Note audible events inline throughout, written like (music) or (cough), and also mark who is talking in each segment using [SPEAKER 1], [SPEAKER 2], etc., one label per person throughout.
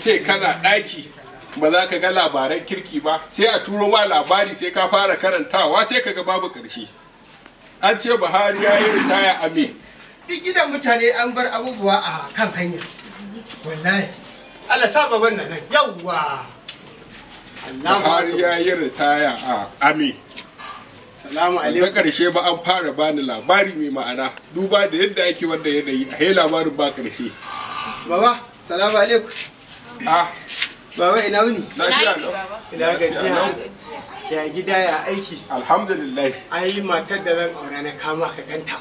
[SPEAKER 1] ce kana ɗaki ba za ka ga labaran kirki ba sai a turo ma labari sai ka fara karantawa sai ka ga babu ƙarshe an ce buhari ya yi ritaya a me duk gidan mutane an bar abubuwa a kan hanya wallahi allah sa baban nan yawwa buhari ya yi ritaya a ame salamu alaikum ƙarshe ba an fara bani labari mai ma'ana duba da yadda ake wanda yanayi a labarin ba ƙarshe baba salamu alaikum Ah. Baba ina wuni? Lafiya lau. Ina gajiya. Ya gida ya aiki. Alhamdulillah. Ai matar da ran aure na kama ka ganta.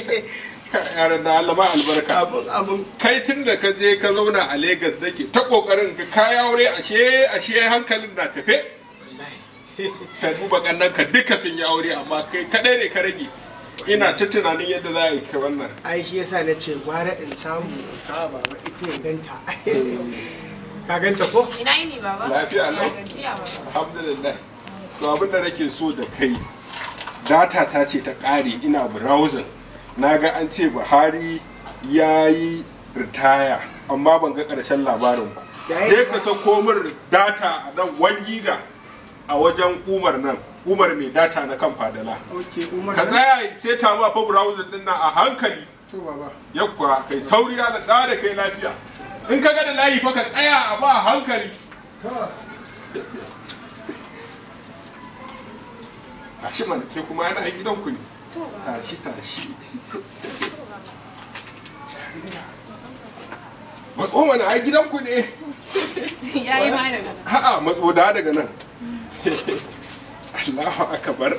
[SPEAKER 1] (laughs) yaran da Allah ma albarka. Abun abun. Kai tun da ka je ka zauna a Legas nake ta kokarin ka kaya aure ashe ashe hankalin na tafe. Wallahi. Ka duba kannan ka duka sun yi aure amma kai kadai ne ka rage. ina ta tunanin yadda za a yi wannan ai shi yasa na ce gwara in samu ka baba ita ya ganta (laughs) ka ganta ko ina yini baba lafiya lau alhamdulillah to abin da nake so da kai data ta ce ta kare ina browsing na ga an ce buhari ya yi ritaya amma ban ga ƙarshen labarin ba je ka sako min data a nan wangiga a wajen umar nan umar mai data na kan fadala ka tsaya sai ta ma fa browser din nan a hankali yakwa kai sauri ala da da kai lafiya in ka ga da layi fa ka tsaya a ba hankali tashi mana ke kuma yana a gidan ku ne tashi tashi matso mana a gidan ku ne (laughs) ya yi ma daga nan a'a matso da daga nan (laughs) Allahu akbar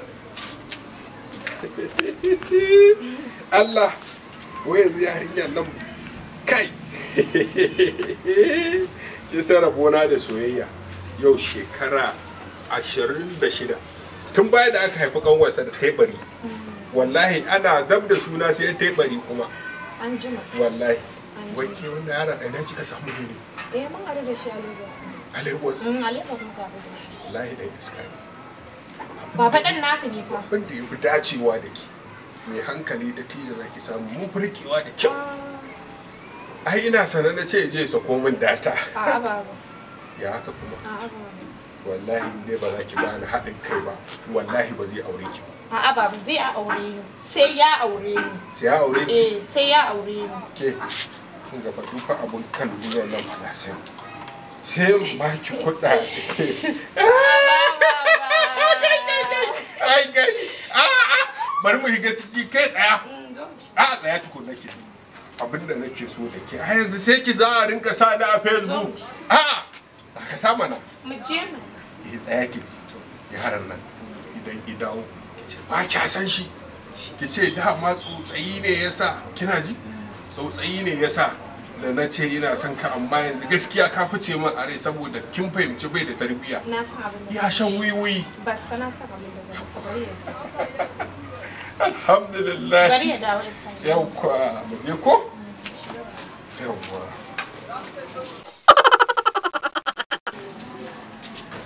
[SPEAKER 1] (laughs) Allah wayar yarinyar nan kai (laughs) ke ya sarrafona da soyayya yau shekara 26 tun baya da aka haifi kanwarsa da taibari wallahi ana dab da suna sai taibari kuma an jima wallahi wanke wannan yara ɗaya na kika samu ne eh mun haɗu da shi a lagos a lagos mm, a lagos muka haɗu da shi wallahi ɗan iska ne Baba dan naka ne fa. Abin da ya fi dacewa da ke. Mai hankali da tija ki samu mu furkewa da kyau. Ai ina sanar da ce je sako min data. A'a baba. Ya haka kuma. A'a baba. Wallahi in ba za ki bani haɗin kai ba, wallahi ba zai aure ki ba. A'a baba zai a aure ni. Sai ya aure ni. Sai ya aure ni. Eh, sai ya aure ni. Ke kun gaba duka abun kan duniyar nan ba sani. Sai in baki kuɗaɗe. (laughs) bari mu shiga ciki kai tsaya mm, a ah, tsaya tukun nake abinda nake so da ke a yanzu sai ki za a rinka sa ni a facebook a ka ta mana mu je mu eh tsaya ki ci yaran nan idan ki dawo ki ce ba ki san shi ki ce dama tsotsayi ne yasa kina ji tsotsayi ne yasa da na ce ina son ka amma yanzu gaskiya ka fice min a rai saboda kin fahimci bai da tarbiyya ya shan wiwi ba sana saka min da zama sabari (laughs) alhamdulillah bari ya dawo isa yau kwa mu je ko yawwa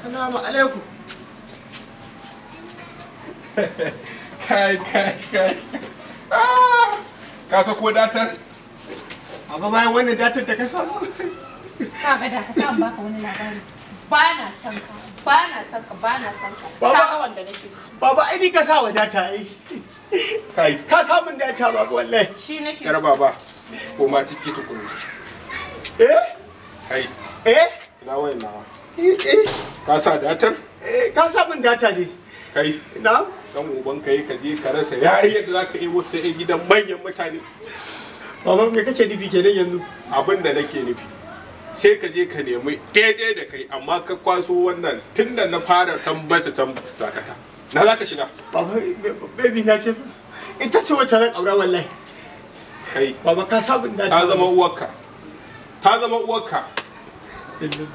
[SPEAKER 1] Assalamu alaikum. Kai kai kai. Ah, ka so ko datar? Abu bayan wannan datar da ka samu. Ka ga da ka ta ka wani labari. Ba na son ka, ba na son ka, ba na son ka. Ka ga wanda nake so. Baba ai ni ka sa wadata ai. kai ka samun da ta baba wallahi shi nake yar baba ko ma ciki tukun eh kai eh ina wai nawa eh, eh ka sa datar eh ka samun data ne kai na dan uban kai ka je ka rasa yari yadda zaka yi wata sai gidan manyan mutane baba me kake nufi kenan yanzu abin da nake nufi sai ka je ka nemi daidai da kai amma ka kwaso wannan tunda na fara tambata tambata ta na za ka shiga baba baby na ce ita ce wacce zan aura wallahi kai baba ka sabin da ta zama uwarka ta zama uwarka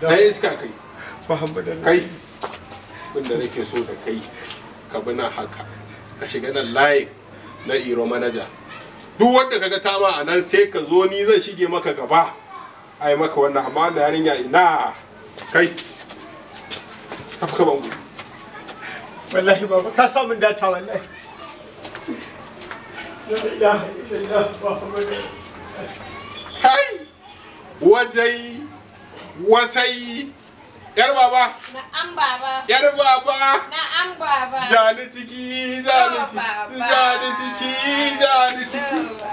[SPEAKER 1] na iska kai muhammad kai wanda nake so da kai ka bi nan haka ka shiga nan layin na iro manaja duk wanda ga tama a nan sai ka zo ni zan shige maka gaba ai maka wannan amma na yarinya ina kai tafka bangu wallahi baba ka samun data wallahi kai wajai wasai yar baba na'am baba yar baba na'am baba jani ciki jani oh, ciki jani ciki jani ciki oh,